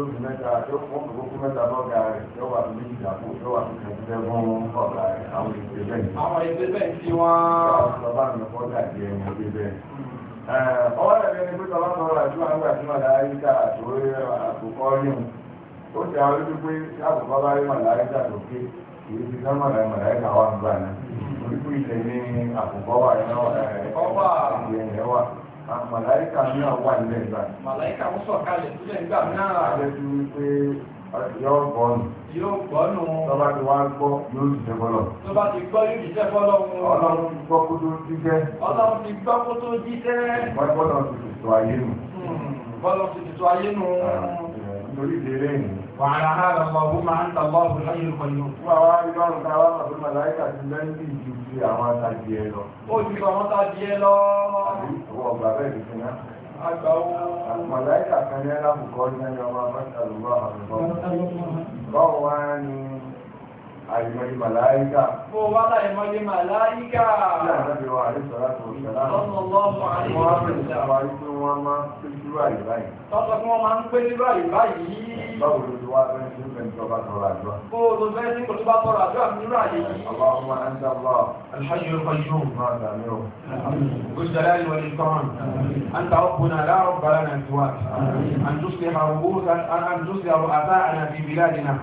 lóṣù mẹ́ta tó wọ́n kò kókó mẹ́ta lọ́gà rẹ̀ lọ́wọ́ àti méjì dàpọ̀ lọ́wọ́ àti kẹ̀kẹ́ fún ọ̀gá rẹ̀ àwọn ìpè bẹ́ẹ̀. àwọn ìpè bẹ́ẹ̀ tí wọ́n. lọ́ba mi kọ́ dàbí ẹni ìpè bẹ́ẹ̀. ọwọ́ màláìka ní àwọn ilẹ̀ ìgbà. màláìka ń sọ̀ kalẹ̀ sílẹ̀ nígbà náà. adéjú wípé yóò gbọ́nù. yóò gbọ́nù. tó bá ti wá gbọ́ yóò jíṣẹ́ bọ́lọ̀. tó bá ti gbọ́ yóò jíṣẹ́ bọ́lọ̀. ọlọ́run ti gbọ́ kó tó jíṣẹ́. ọlọ́run ti gbọ́ kó tó jíṣẹ́. wọ́n gbọ́dọ̀ ti tètò ayé nù. gbọ́dọ̀ hmm, ti tètò ayé nù. Ah, eh, nítorí ìdérè yìí وعلى هذا اللهم أنت الله الحي القيوم وعلى الله تعالى في الملائكة التي تجي àwọn tàbí ẹ lọ. Ó ti sọ wọ́n tàbí ẹ lọ. Àbíwọ̀ ọ̀gbà bẹ́ẹ̀ ti fi náà. Àgbà ó. Màláìkà kan ní ẹlábùkọ́ ní ẹni ọmọ Mọ́sàlùmọ́ àbúkọ́. Báwo Bó wá láìmọye màláìkà? Bí àná bí wa àdé sọ̀rọ̀ àti òṣèlú. Ọmọ ọmọ àdé sọ̀rọ̀ àti wọ́n máa ń pé irú àyè báyìí. tọ́sọ tí wọ́n máa ń pé irú àyè báyìí. báwo ló ti wá fẹ́ sí ìfẹ́ ìjọba tọrọ àdúrà. bó o lọ fẹ́ sí ìkòtúbà tọrọ àdúrà nírú àyè yìí. ọlọ́run máa ń dábọ̀. الحج القيوم هذا اليوم بالجلال والإكرام أنت ربنا لا رب لنا سواك أن تصلح رؤوسا أن تصلح رؤساءنا في بلادنا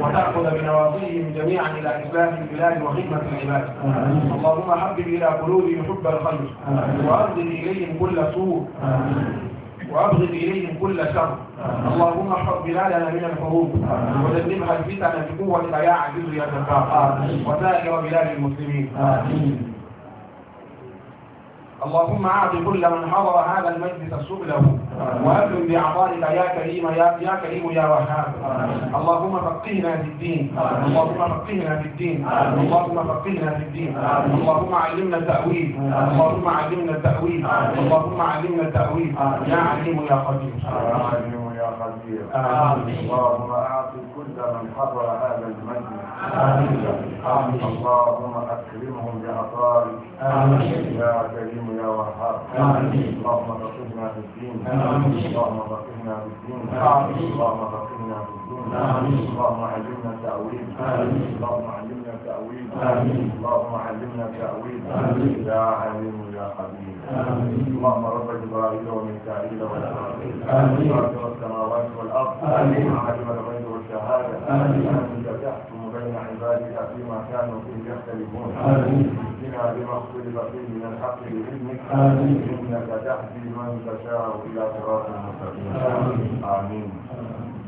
وتأخذ بنواصيهم جميعا إلى إسلام البلاد وخدمة العباد اللهم حبب إلى قلوبهم حب الخير وأرض إليهم كل سوء وأبغض إليهم كل شر اللهم احفظ بلادنا من الحروب ودمرها الفتن بقوة لا يعجز يا جبار وسائر بلاد المسلمين آمين اللهم أعط كل من حضر هذا المجلس سبله وأبلم بأعطائك يا كريم يا يا كريم يا وهاب اللهم فقهنا في الدين اللهم فقهنا في الدين اللهم فقهنا في الدين اللهم علمنا التأويل اللهم علمنا التأويل اللهم علمنا التأويل يا عليم يا قدير قدير آمين اللهم أعط كل من حضر هذا المجلس آمين اللهم أكرمهم بعطائك آمين يا كريم يا وهاب آمين اللهم فقهنا في الدين آمين اللهم فقهنا في الدين آمين اللهم فقهنا في الدين آمين اللهم علمنا التأويل آمين اللهم علمنا التأويل آمين اللهم علمنا التأويل آمين يا عليم يا خبير اللهم رب جبرائيل وميكائيل والأرضين آمين السماوات والأرض آمين عالم الغيب والشهادة آمين أنت تحكم بين عبادك فيما كانوا فيه يختلفون آمين اهدنا بما اختلف فيه من الحق بإذنك آمين إنك تهدي من تشاء إلى صراط مستقيم آمين, آمين.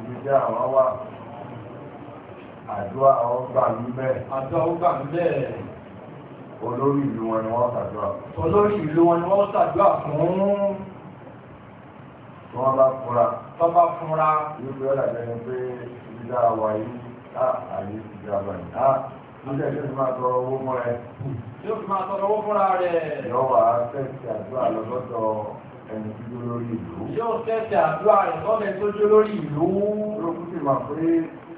ibi tí àwọn wà àdúrà àwọn gbà ń bẹ́ẹ̀. àdúrà ó gbà ń bẹ́ẹ̀. olórí ìlú wọn ni wọ́n ṣàdúrà. olórí ìlú wọn ni wọ́n ṣàdúrà fún. tí wọ́n bá fura. tí wọ́n bá fura. ìlú bí wọ́n dàgbẹ́ ni pé ibi tí a wà yìí ti di àgbà yìí á. Ilé ẹjọ́ ti máa tọrọ owó mọ́ ẹ. Yóò fi máa tọrọ owó fúnra rẹ̀. Yọ̀wá yóò tẹ́tẹ̀ àdúrà rẹ̀ lọ́mẹ́ lórí ìlú. Lókùn pé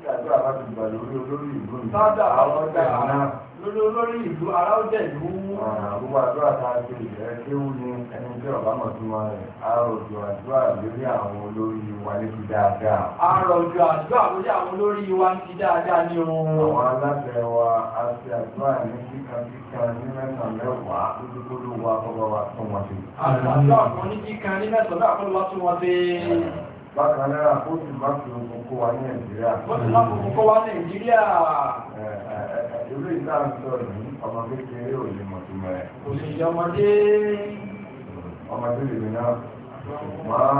ṣàdúrà bá ti gbà lórí olórí ìlú nìyí. sáádà àwọn ọjà náà lórí olórí ìlú ó jẹ ìlú mú. gbogbo àdúrà tá a ṣe ìrẹ́ kéwú ni ẹni tí ọ̀bá mọ̀ tó máa rẹ̀ àròjù àdúrà lórí àwọn olórí wa ní ti dáadáa. àròjù àdúrà lórí àwọn olórí wa ti dáadáa ní ohun. àwọn aláṣẹ wa a ṣe àdúrà ní kíkankíkan ní mẹ́sàn mẹ́wàá lójúkúlù wa kọ́ wa tún wọn ṣe. àdúrà kan ní kíkan ní mẹ́sàn mẹ́wàá kọ́ bá tún wọn ṣe bákan náà ó sì má fi ogun kó wa ní nàìjíríà. ó sì má fi ogun kó wa ní nàìjíríà. ìlú ìta ń sọ yìí ọmọ kékeré ò lè mọ̀ tó mọ̀ ẹ́. òṣèlú ọmọdé. ọmọdé lè mi náà ṣùgbọ́n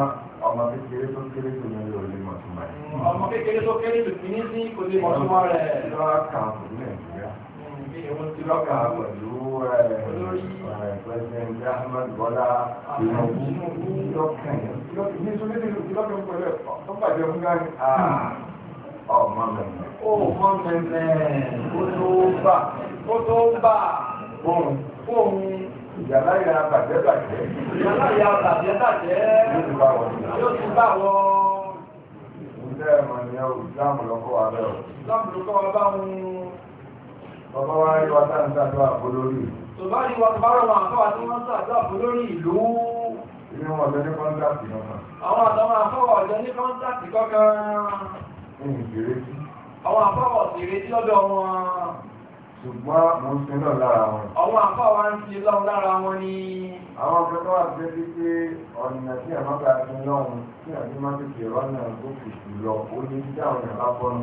ọmọ kékeré tó kéré tó ní ò lè mọ̀ tó mọ̀ ẹ́. Mm, ọmọ kékeré tó kéré tó kéré sí kò lè mọ̀ rẹ̀. lọ́wọ́ kan kò ní nàìjíríà. Mm, Lọ́kà pẹ̀lú ẹ̀ẹ́dẹ́gbẹ̀rún Ahmed Bọ́lá ní sọ méjì lókè lọ́dún pẹ̀lú ẹ̀fọ́ tó bàjẹ́ fún gáàrí. ọmọ mẹ́mẹ́. ó mọ mẹ́mẹ́ ó tó bà ó tó bà fóun fóun ìyàrá ya bàjẹ́ bàjẹ́. ìyàrá ya bàjẹ́ bàjẹ́. yóò ti bá wọn. yóò ti bá wọn. ìwúlẹ̀ ẹ̀mọ̀ ni ẹ̀rù ìsìlámù lọ́kọ́ wa bẹ́ẹ̀ o. ìsìlámù lọ́kọ́ wa bá wọn. bàbá wa rí wa táǹtà tó àpò lórí ìlú. bàbá rí Ilé Àwọn àfọwọ̀ ọ̀dọ́ ní kọ́ńtàkì lọ́dọ̀ wọn. Ṣùgbọ́n mo ń sin lọ lára wọn. Àwọn àfọwọ̀ ń sin lọ lára wọn ni. Àwọn akẹ́kọ̀ọ́ wà jẹ́ pípé ọ̀nà tí àmọ́ ti lọ́hùn tí àti má tètè rọ́nà tó kìkì lọ ó ní dáhùn ìrànlọ́pọ̀ ń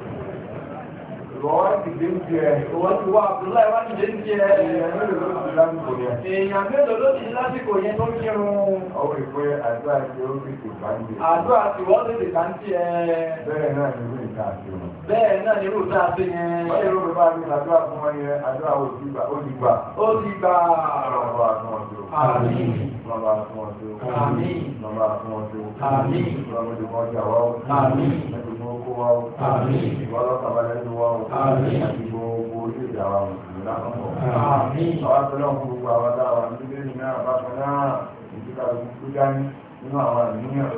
wọ́n ti dé ń jẹ wọ́n ti wá àbúláì wọ́n ti dé ń jẹ èèyàn mélòó ló ti lásìkò yẹn. èèyàn mélòó ló ti lásìkò yẹn tó kírun. ọwọ́ ìpè àdúrà tí ó fi tè báńkì. àdúrà tí wọ́n tètè báńkì ẹ. bẹ́ẹ̀ náà ni irú ìta àti òun. bẹ́ẹ̀ náà ni irú ìta àti yẹn. wọ́n yóò fi bá mi àdúrà fún wọn yẹn àdúrà ó ti gbà. ó ti gbà. ó ti gbà. ọlọ́wọ́ àtúnwọ̀n Àmín. Lọ́ba fún ọjọ́. Àmín. Lọ́ba fún ọjọ́. Àmín. Lọ́ba fún ọjọ́. Àmín kó wá o ìwà ọlọ́kàbá lẹ́nu wá o àti gbogbo orí ìjà wa mùsùlùmí lápapọ̀. àwọn àtọ́lọ́ fún gbogbo àwọn adáwa ní ilé ìrìn náà bá kan náà ìdíkà gbogbo dání nínú àwọn àníyàn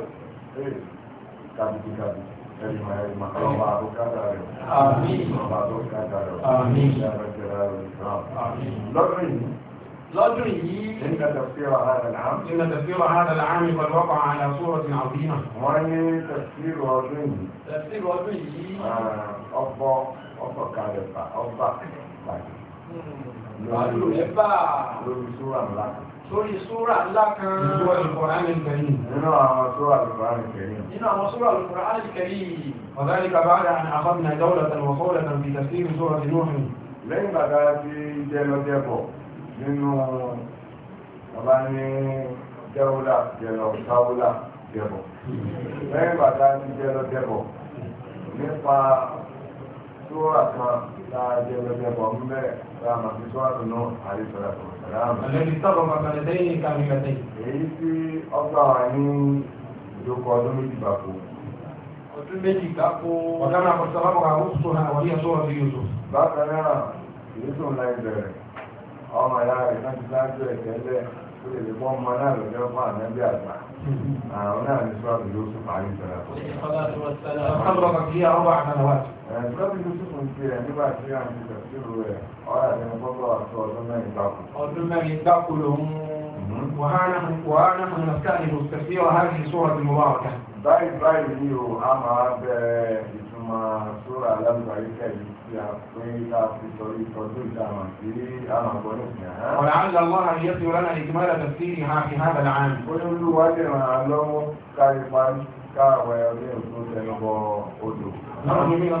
kàbìtì kàbìtì ẹ̀rìmọ̀ ẹ̀rìmọ̀ ọlọ́ba àbúkátà rẹ̀ yìí إن تفسير هذا العام قد وقع على صورة عظيمة وين تفسير وجن تفسير وجن آه، أبا أبا كارفا أبا أبا سورة لا سورة سورة لا كان سورة القرآن الكريم هنا سورة القرآن الكريم هنا سورة القرآن الكريم وذلك بعد أن أخذنا دولة وصولة في تفسير سورة نوح لين بعد في جنودي أبو nínú bàbá ní jẹ́wọ́lá jẹ́lọ sáwọ́lá jẹ́bọ̀ lẹ́yìn bàtà ní jẹ́lọ jẹ́bọ̀ nípa sóra kan tá a jẹ́lọ jẹ́bọ̀ ń bẹ̀ tá a màfi sóra tó náà àríṣọ́lá tó sábà máa bẹ̀rẹ̀ lẹ́yìn ìkàmìlẹ̀ lẹ́yìn. èyí tí ọgbà wà ní ìdókò ọdún méjì bàbò. ọdún méjì náà kò sábà máa ọmọ ya rẹ̀ náà ti sáájú ẹ̀jẹ̀ lẹ̀ ó lè lè bọ́ ọmọ náà lọ́jọ́ fún ànábì àgbà àwọn náà ní sọ́ọ̀bù yóò sùn parí sọ́ra tó. sọ́ọ̀bù yóò sùn fún tiẹ̀ nígbà tí a ti tẹ̀síru rẹ̀ ọ̀rọ̀ àti ọgbọ́gbọ́ àti ọdún mẹ́rin gbáko. ọdún mẹ́rin gbáko lòun ونحن نستأنف تفسير هذه السورة المباركة. باي باي ليو أما ìtumọ̀ sóra alábàáríkà yìí tí a pín ilá fi sọ ìtọ́jú ìdáhùn àti àwọn àgbọ̀ nìkan. ọ̀rọ̀ àwọn ọmọ àyè tí wọ́n lánàá ìtumọ̀ rẹ̀ tẹ̀sí ìhà ìhà bẹ̀rẹ̀ àmì. ó ní olúwa lè ràn án lọ́wọ́ kárí parí káàwẹ̀ ọdún ìlú tẹnubọ odò. ní mímọ́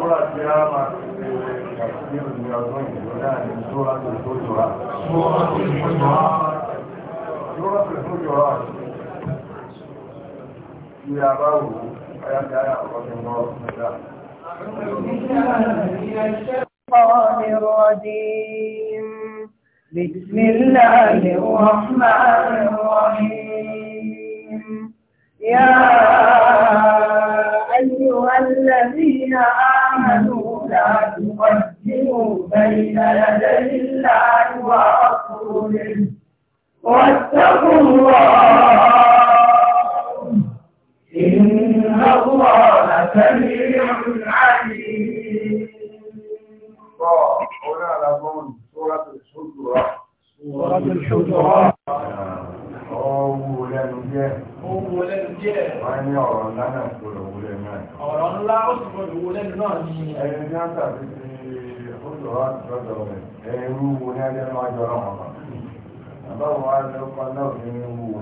Súra tí a máa ṣe ṣàfihàn ní ọdún ìlú náà ni Súra بسم الله الرحمن الرحيم يا أيها الذين آمنوا لا تقدموا بين يدي الله ورسوله واتقوا الله إن الله سميع عليم سورة الحجرة سورة الحجرة أولا جاء أولا جاء وأن يرى لنا كل ọ̀rọ̀ ńlá ó sì gbọdọ̀ wo lẹ́nu náà ni. ẹni ní àṣà ti ti olùrọ̀ àtijọ́ rẹ̀ ẹ̀rú wo ní ẹjẹ́ máa jọ ọ̀rọ̀ wọn kan. àbáwo wá ló kọ́ náà fi ń wù ú.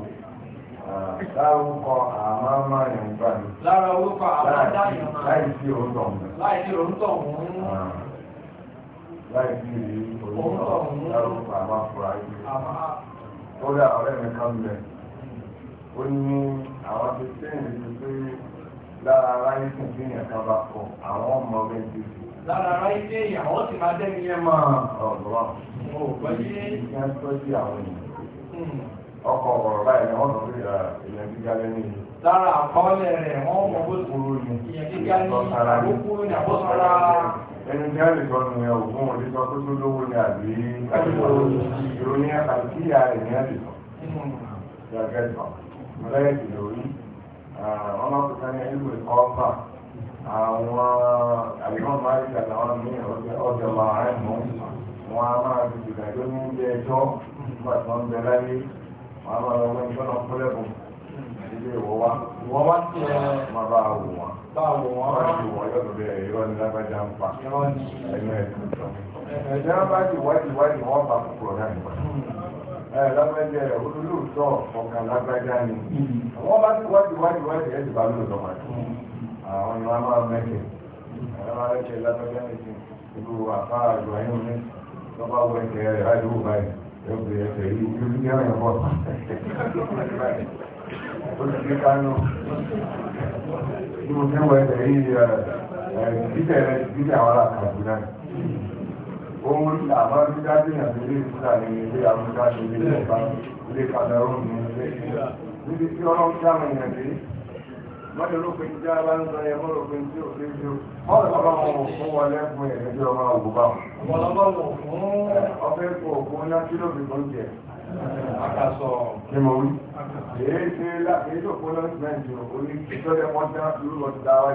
lárúkọ àmọ́ máa ń gbà mí. lára orúkọ àmọ́ dáhùn máa. láì sí òǹtọ̀ òun. láì sí òǹtọ̀ òun. láì sí òǹtọ̀ òun. lárúkọ àmọ́ fura yìí. ó dá ọ̀rẹ́ mi kan bẹ̀. ó ní àwọn ti tẹ́yìn ti pé lára aráyé tó gbé yẹn kan bá kọ àwọn ọmọ rẹ̀ ti fi. lára aráyé dé ìyàwó ti máa dẹ́ni yẹn máa. ọ̀rọ̀ ò gbọ́dé. ìyá ń tọ́jú àwọn èèyàn. Hmm. ọkọ̀ ọ̀rọ̀ báyìí ni wọ́n sọ pé ìyẹn gíga lẹ́nu yìí. lára àkọọ́lẹ̀ rẹ̀ wọ́n mọ̀ bó kúrò ní. ìyẹn gíga ní àbókù ní àbósára. ẹni tí a lè sọ nù yẹn òògùn òní sọ tó lówó ni àbí ìròyìn àkàtì ìyá rẹ̀ ọlọ́pùtà ní ìlú ìkọ́ọ̀fà àwọn àlùmọ́ máríkà a máa fi ìdájọ́ ní ilé ẹjọ́ nígbà tí wọ́n ń bẹ láyé wọn a máa lọ wọ́n ìjọ́nà fúlẹ̀bùn ilé ìwọ́ wa. ìwọ́ wá sí ẹ. bá a wò wọ́n. lágbájá ẹ̀ olóòótọ́ ọ̀kan ni mm-hmm. wọ́n bá ti wádìí wádìí wádìí ẹ̀ bá lóòótọ́ mm-hmm. àwọn ni wọ́n máa mẹ́kẹ̀ ẹ̀ ìlú àfáà ìlú ayé òun àmọ́ bí dájúyàn ní ilé ìfúta ní ilé amúdá ní ilé ìfà ilé Cameroon ní ilé ìfúta níbi tí ọlọ́run tí àwọn èèyàn dé mọ́tò ló pe jẹ́ aláǹsọ yẹn mọ́tò pe tí ò fẹ́ ju mọ́tò bàbá wọn ò fún wọn lẹ́kùn ẹ̀ lẹ́jọ́ ọmọ ògùn bá wọn. ọ̀pọ̀lọpọ̀ wọn fún ọ̀fẹ́ kò fún ná kí ló fi kún jẹ. akasọ. ṣé mo wí. èyí ṣe láti èyí tó fún lọ́sìmẹ́ǹtì òní ìtọ́jú wọn dá irú lọ ti dá wáyé.